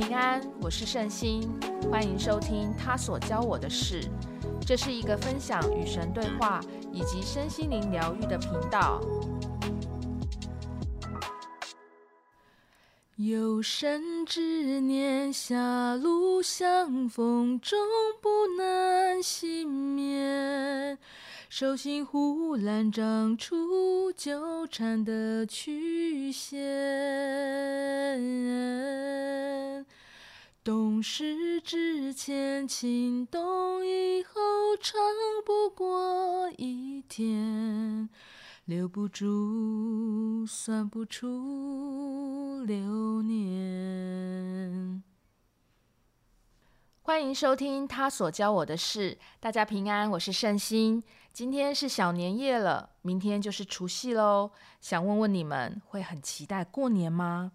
平安，我是聖心，歡迎收聽他所教我的事。這是一個分享與神對話以及身心靈療癒的頻道。有生之年，狹路相逢終不能幸免，手心忽然長出糾纏的曲線。懂事之前，情動以後，長不過一天，留不住，算不出流年。歡迎收聽《他所教我的事》，大家平安，我是聖心。今天是小年夜了，明天就是除夕嘍。想問問你們，會很期待過年嗎？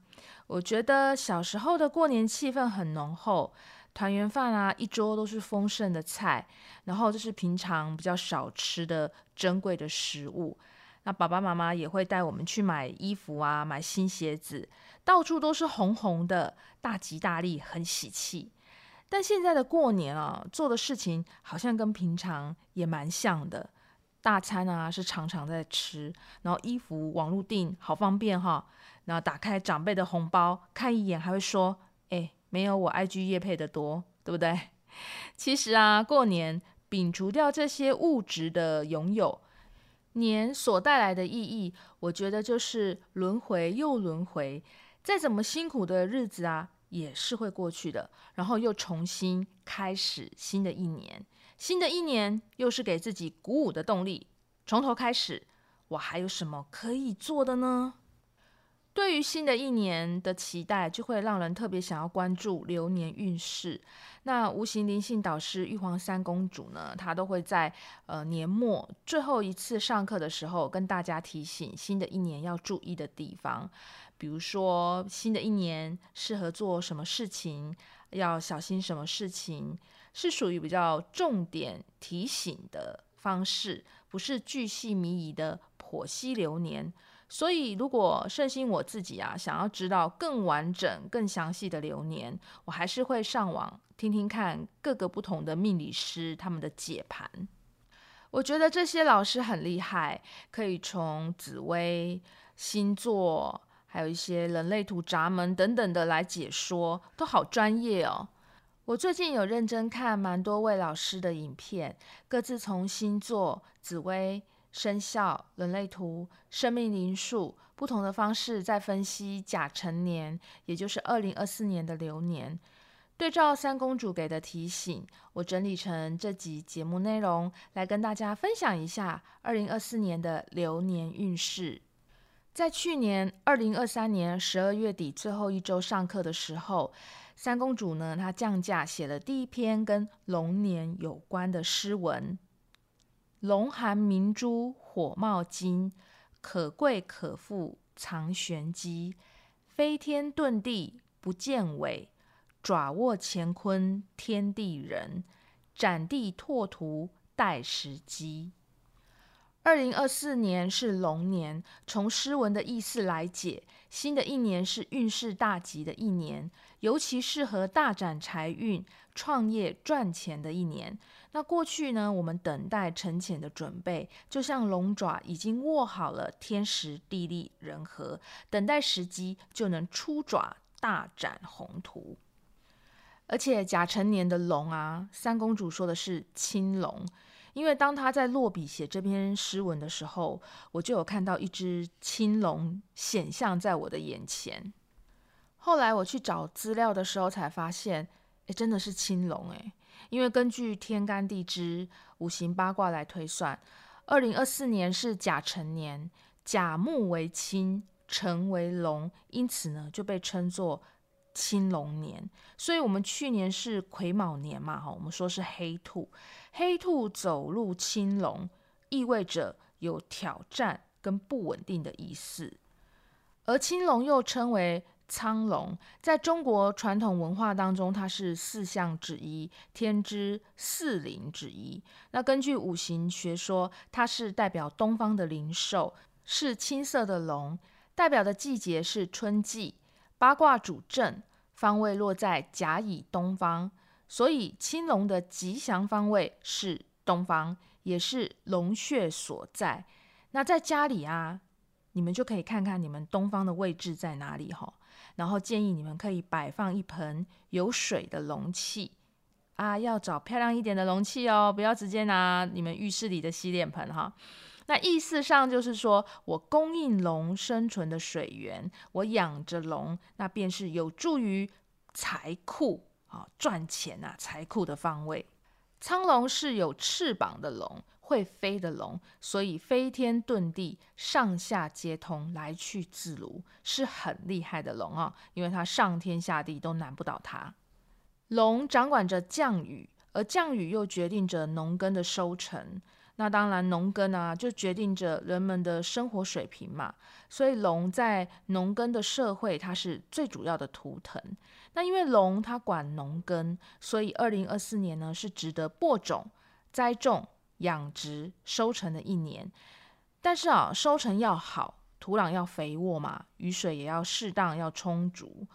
我覺得小時候的過年氣氛很濃厚，團圓飯啊，一桌都是豐盛的菜，然後就是平常比較少吃的珍貴的食物。那爸爸媽媽也會帶我們去買衣服啊，買新鞋子，到處都是紅紅的，大吉大利，很喜氣。但現在的過年啊，做的事情好像跟平常也蠻像的，大餐啊是常常在吃，然後衣服網路訂，好方便哈、哦。.那打開長輩的紅包看一眼，還會說：“哎，沒有我 IG 業配的多，對不對？”其實啊，過年摒除掉這些物質的擁有，年所帶來的意義，我覺得就是輪回又輪回，再怎麼辛苦的日子啊，也是會過去的，然後又重新開始新的一年。新的一年又是給自己鼓舞的動力，從頭開始，我還有什麼可以做的呢？對於新的一年的期待，就會讓人特別想要關注流年運勢。那無形靈性導師玉皇三公主呢，她都會在呃年末最後一次上課的時候，跟大家提醒新的一年要注意的地方，比如說新的一年適合做什麼事情，要小心什麼事情，是屬於比較重點提醒的方式，不是巨細靡遺的剖析流年。所以，如果聖心我自己啊，想要知道更完整、更詳細的流年，我還是會上網聽聽看各個不同的命理師他們的解盤。我覺得這些老師很厲害，可以從紫微星座，還有一些人類圖、閘門等等的來解說，都好專業哦。我最近有認真看蠻多位老師的影片，各自從星座、紫微。生肖、人類圖、生命靈數，不同的方式在分析甲辰年，也就是二零二四年的流年。對照三公主給的提醒，我整理成這集節目內容，來跟大家分享一下二零二四年的流年運勢。在去年二零二三年十二月底最後一周上課的時候，三公主呢，她降駕寫了第一篇跟龍年有關的詩文。龍含明珠，火冒金，可貴可富，藏玄機。飛天遁地不見尾，爪握乾坤天地人。斬地拓圖待時機。二零二四年是龍年，從詩文的意思來解，新的一年是運勢大吉的一年，尤其適合大展財運。創業賺錢的一年，那過去呢？我們等待沉潛的準備，就像龍爪已經握好了天時地利人和，等待時機就能出爪大展宏圖。而且甲辰年的龍啊，三公主說的是青龍，因為當她在落筆寫這篇詩文的時候，我就有看到一隻青龍顯像在我的眼前。後來我去找資料的時候，才發現。誒真的是青龍欸，因為根據天干地支、五行八卦來推算，二零二四年是甲辰年，甲木為青，辰為龍，因此呢就被稱作青龍年。所以，我們去年是癸卯年嘛，吼，我們說是黑兔，黑兔走入青龍，意味着有挑戰跟不穩定的意思。而青龍又稱為蒼龍在中國傳統文化當中，它是四象之一，天之四靈之一。那根據五行學說，它是代表東方的靈獸，是青色的龍，代表的季節是春季。八卦主震方位落在甲乙東方，所以青龍的吉祥方位是東方，也是龍穴所在。那在家裡啊，你們就可以看看你們東方的位置在哪裡吼然後建議你們可以擺放一盆有水的容器，啊，要找漂亮一點的容器哦，不要直接拿你們浴室裡的洗臉盆哈。那意思上就是說我供應龍生存的水源，我養着龍，那便是有助於財庫啊，賺錢啊，財庫的方位。蒼龍是有翅膀的龍。會飛的龍，所以飛天遁地，上下皆通，來去自如，是很厲害的龍啊！因為它上天下地都難不倒它。龍掌管着降雨，而降雨又決定着農耕的收成。那當然，農耕呢、啊，就決定着人們的生活水平嘛。所以，龍在農耕的社會，它是最主要的圖騰。那因為龍它管農耕，所以二零二四年呢是值得播種、栽種。養殖收成的一年，但是啊，收成要好，土壤要肥沃嘛，雨水也要適當要充足，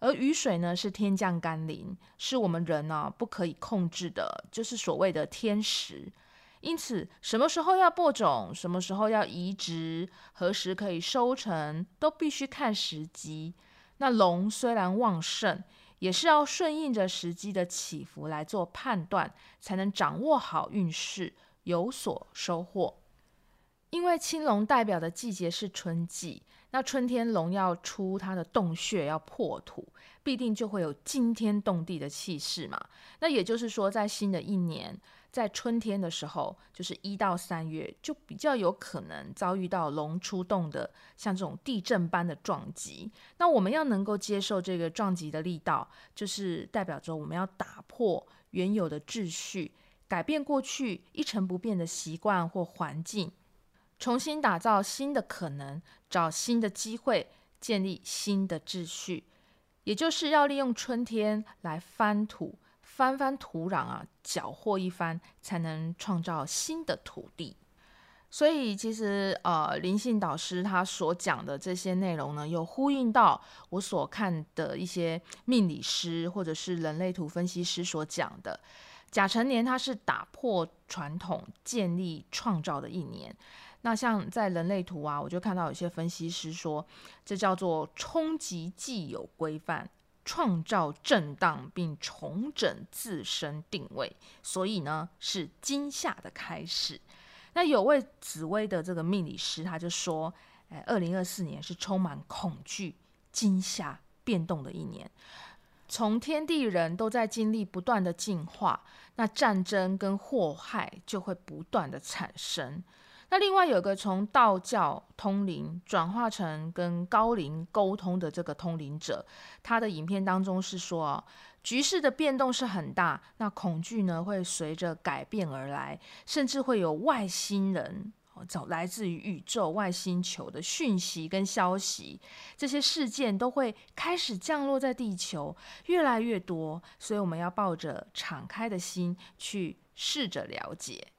而雨水呢是天降甘霖，是我們人呢、啊、不可以控制的，就是所謂的天時。因此，什麼時候要播種，什麼時候要移植，何時可以收成，都必須看時機。那龍雖然旺盛。也是要順應着時機的起伏來做判斷，才能掌握好運勢，有所收穫。因為青龍代表的季節是春季，那春天龍要出它的洞穴，要破土，必定就會有驚天動地的氣勢嘛。那也就是說，在新的一年。在春天的時候，就是一到三月，就比較有可能遭遇到龍出洞的，像這種地震般的撞擊。那我們要能夠接受這個撞擊的力道，就是代表着我們要打破原有的秩序，改變過去一成不變的習慣或環境，重新打造新的可能，找新的機會，建立新的秩序。也就是要利用春天來翻土。翻翻土壤啊，攪和一番，才能創造新的土地。所以，其實呃，靈性導師他所講的這些內容呢，有呼應到我所看的一些命理師或者是人類圖分析師所講的。甲辰年，它是打破傳統、建立創造的一年。那像在人類圖啊，我就看到有些分析師說，這叫做衝擊既有規範。創造震盪並重整自身定位，所以呢，是驚嚇的開始。那有位紫微的這個命理師，他就說：「誒，二零二四年是充滿恐懼、驚嚇、變動的一年，從天地人都在經歷不斷的進化，那戰爭跟禍害就會不斷的產生。那另外有一個從道教通靈轉化成跟高靈溝通的這個通靈者，他的影片當中是說，局勢的變動是很大，那恐懼呢會隨着改變而來，甚至會有外星人走來自於宇宙外星球的訊息跟消息，這些事件都會開始降落在地球，越來越多，所以我們要抱着敞開的心去試着了解。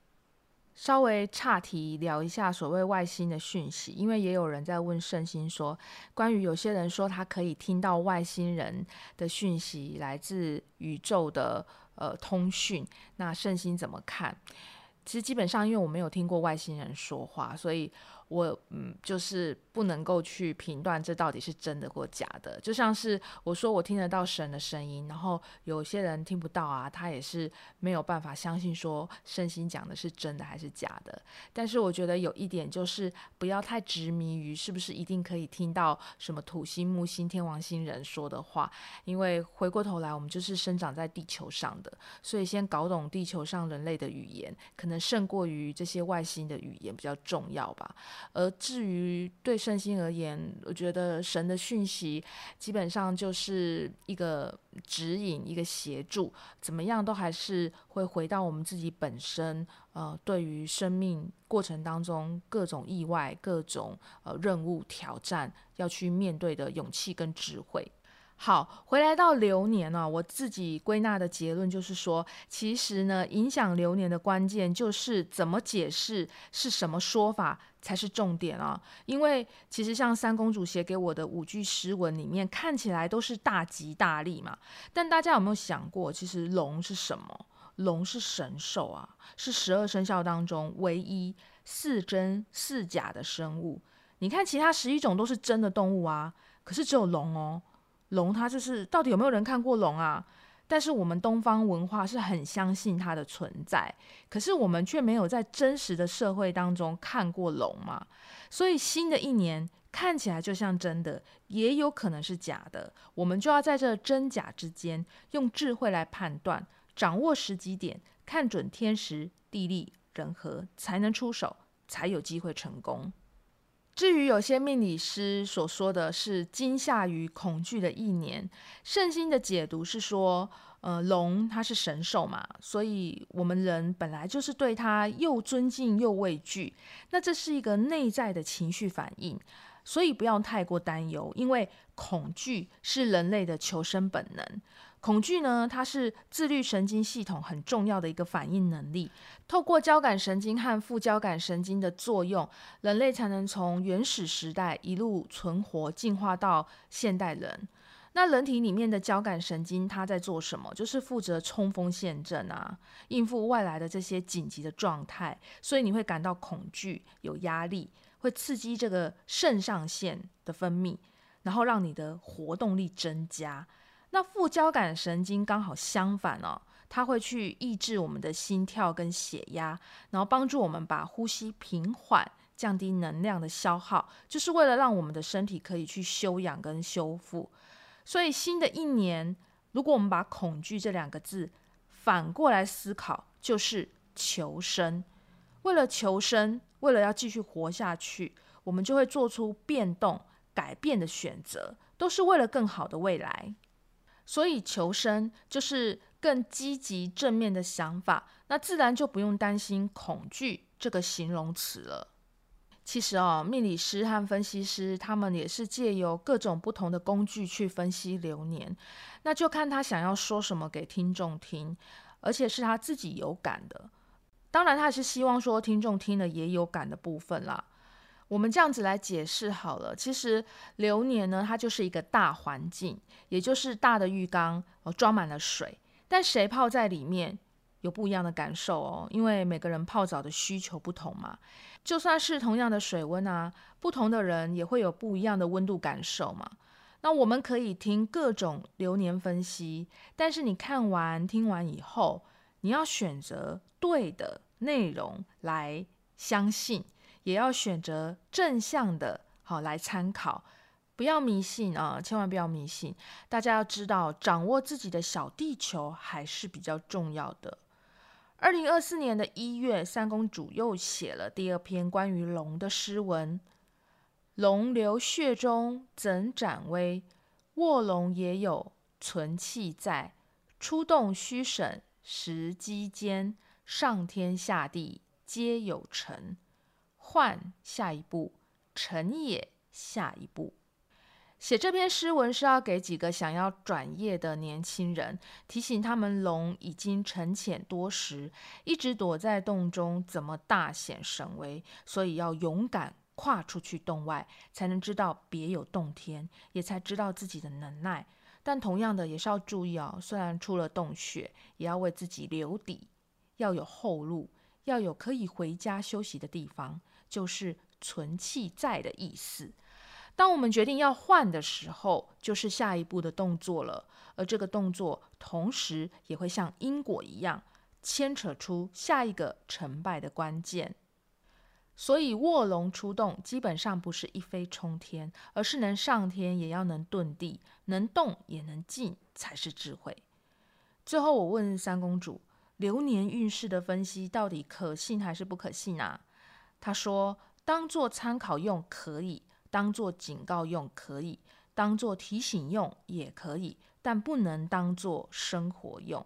稍微岔題聊一下所謂外星的訊息，因為也有人在問聖心說，關於有些人說他可以聽到外星人的訊息，來自宇宙的呃通訊，那聖心怎麼看？其實基本上，因為我沒有聽過外星人說話，所以。我嗯，就是不能夠去評斷這到底是真的或假的。就像是我說我聽得到神的聲音，然後有些人聽不到啊，他也是沒有辦法相信說聖心講的是真的還是假的。但是我覺得有一點就是不要太執迷於是不是一定可以聽到什麼土星、木星、天王星人說的話，因為回過頭來我們就是生長在地球上的，所以先搞懂地球上人類的語言，可能勝過於這些外星的語言比較重要吧。而至於對聖心而言，我覺得神的訊息基本上就是一個指引、一個協助，怎麼樣都還是會回到我們自己本身。呃，對於生命過程當中各種意外、各種呃任務挑戰要去面對的勇氣跟智慧。好，回來到流年呢、啊，我自己歸納的結論就是說，其實呢，影響流年的關鍵就是怎麼解釋，是什麼說法才是重點啊。因為其實像三公主寫給我的五句詩文裡面，看起來都是大吉大利嘛。但大家有沒有想過，其實龍是什麼？龍是神獸啊，是十二生肖當中唯一似真似假的生物。你看其他十一種都是真的動物啊，可是只有龍哦。龍，它就是到底有沒有人看過龍啊？但是我們東方文化是很相信它的存在，可是我們却沒有在真實的社會當中看過龍嘛。所以新的一年看起來就像真的，也有可能是假的。我們就要在這真假之間用智慧來判斷，掌握時機點，看準天時、地利、人和，才能出手，才有機會成功。至於有些命理師所說的是驚嚇與恐懼的一年，聖心的解讀是說，呃，龍它是神獸嘛，所以我們人本來就是對它又尊敬又畏懼，那這是一個內在的情緒反應，所以不要太過擔憂，因為恐懼是人類的求生本能。恐懼呢，它是自律神經系統很重要的一個反應能力。透過交感神經和副交感神經的作用，人類才能從原始時代一路存活進化到現代人。那人體裡面的交感神經它在做什麼？就是負責衝鋒陷陣啊，應付外來的這些緊急的狀態。所以你會感到恐懼、有壓力，會刺激這個腎上腺的分泌，然後讓你的活動力增加。那副交感神經剛好相反哦，它會去抑制我們的心跳跟血壓，然後幫助我們把呼吸平緩，降低能量的消耗，就是為了讓我們的身體可以去休養跟修復。所以新的一年，如果我們把恐懼這兩個字反過來思考，就是求生。為了求生，為了要繼續活下去，我們就會做出變動、改變的選擇，都是為了更好的未來。所以求生就是更積極正面的想法，那自然就不用擔心恐懼這個形容詞了。其實哦，命理師和分析師他們也是借由各種不同的工具去分析流年，那就看他想要說什麼給聽眾聽，而且是他自己有感的。當然，他也是希望說聽眾聽了也有感的部分啦。我們這樣子來解釋好了，其實流年呢，它就是一個大環境，也就是大的浴缸，哦，裝滿了水，但誰泡在裡面有不一樣的感受哦，因為每個人泡澡的需求不同嘛。就算是同樣的水溫啊，不同的人也會有不一樣的溫度感受嘛。那我們可以聽各種流年分析，但是你看完、聽完以後，你要選擇對的內容來相信。也要選擇正向的好來參考，不要迷信啊！千萬不要迷信。大家要知道，掌握自己的小地球還是比較重要的。二零二四年的一月，三公主又寫了第二篇關於龍的詩文：“龍流血中怎展威？臥龍也有存氣在，出洞須審時機間，上天下地皆有成。”換下一步，陳也下一步寫這篇詩文是要給幾個想要轉業的年輕人提醒他們：龍已經沉潛多時，一直躲在洞中，怎麼大顯神威？所以要勇敢跨出去洞外，才能知道別有洞天，也才知道自己的能耐。但同樣的，也是要注意哦。雖然出了洞穴，也要為自己留底，要有後路，要有可以回家休息的地方。就是存氣在的意思。當我們決定要換的時候，就是下一步的動作了。而這個動作，同時也會像因果一樣，牽扯出下一個成敗的關鍵。所以臥龍出動基本上不是一飛沖天，而是能上天也要能遁地，能動也能靜，才是智慧。最後，我問三公主：流年運勢的分析到底可信還是不可信啊？他說：“當做參考用可以，當做警告用可以，當做提醒用也可以，但不能當做生活用。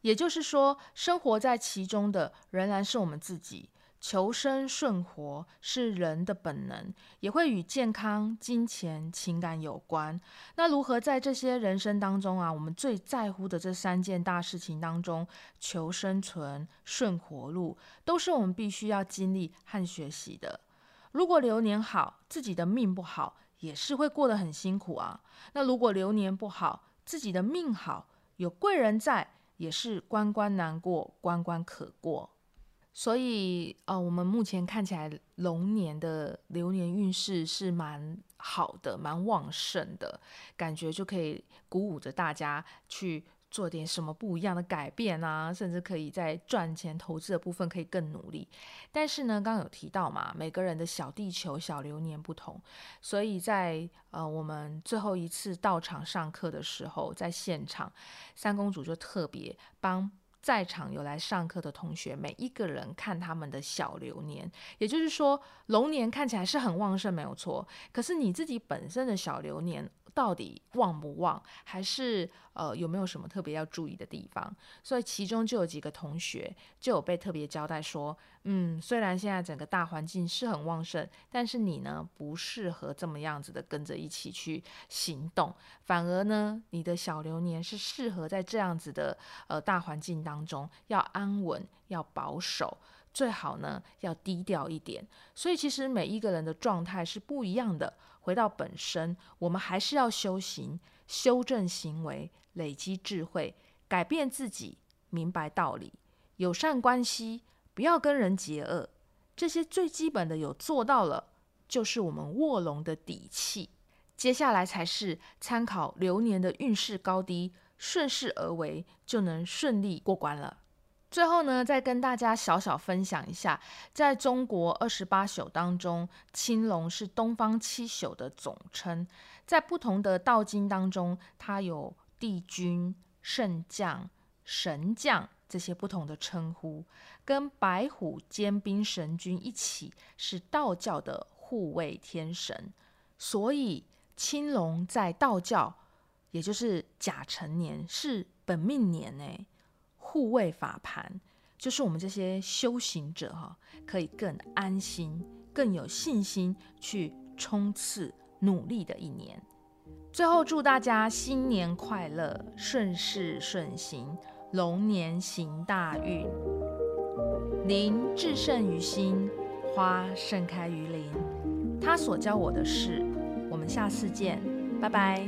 也就是說，生活在其中的仍然是我們自己。”求生順活是人的本能，也會與健康、金錢、情感有關。那如何在這些人生當中啊，我們最在乎的這三件大事情當中，求生存、順活路，都是我們必須要經歷和學習的。如果流年好，自己的命不好，也是會過得很辛苦啊。那如果流年不好，自己的命好，有貴人在，也是關關難過，關關可過。所以，呃，我們目前看起來龍年的流年運勢是蠻好的，蠻旺盛的感覺，就可以鼓舞着大家去做點什麼不一樣的改變啊，甚至可以在賺錢投資的部分可以更努力。但是呢，剛剛有提到嘛，每個人的小地球、小流年不同，所以在呃我們最後一次到場上課的時候，在現場三公主就特別幫。在場有來上課的同學，每一個人看他們的小流年，也就是說龍年看起來是很旺盛，沒有錯。可是你自己本身的小流年到底旺不旺，還是呃有沒有什麼特別要注意的地方？所以其中就有幾個同學就有被特別交代說。嗯，雖然現在整個大環境是很旺盛，但是你呢，不適合這麼樣子的跟着一起去行動，反而呢，你的小流年是適合在這樣子的呃大環境當中要安穩、要保守，最好呢要低調一點。所以其實每一個人的狀態是不一樣的。回到本身，我們還是要修行、修正行為、累積智慧、改變自己、明白道理、友善關係。不要跟人結惡，這些最基本的有做到了，就是我們臥龍的底氣。接下來才是參考流年的運勢高低，順勢而為，就能順利過關了。最後呢，再跟大家小小分享一下，在中國二十八宿當中，青龍是東方七宿的總稱。在不同的道經當中，它有帝君、聖將、神將。這些不同的稱呼，跟白虎、監兵神君一起是道教的護衛天神，所以青龍在道教，也就是甲辰年是本命年哎，護衛法盤，就是我們這些修行者哈，可以更安心、更有信心去衝刺、努力的一年。最後，祝大家新年快樂，順勢順行。龍年行大運，您至聖於心，花盛開於林。祂所教我的事，我們下次見，拜拜。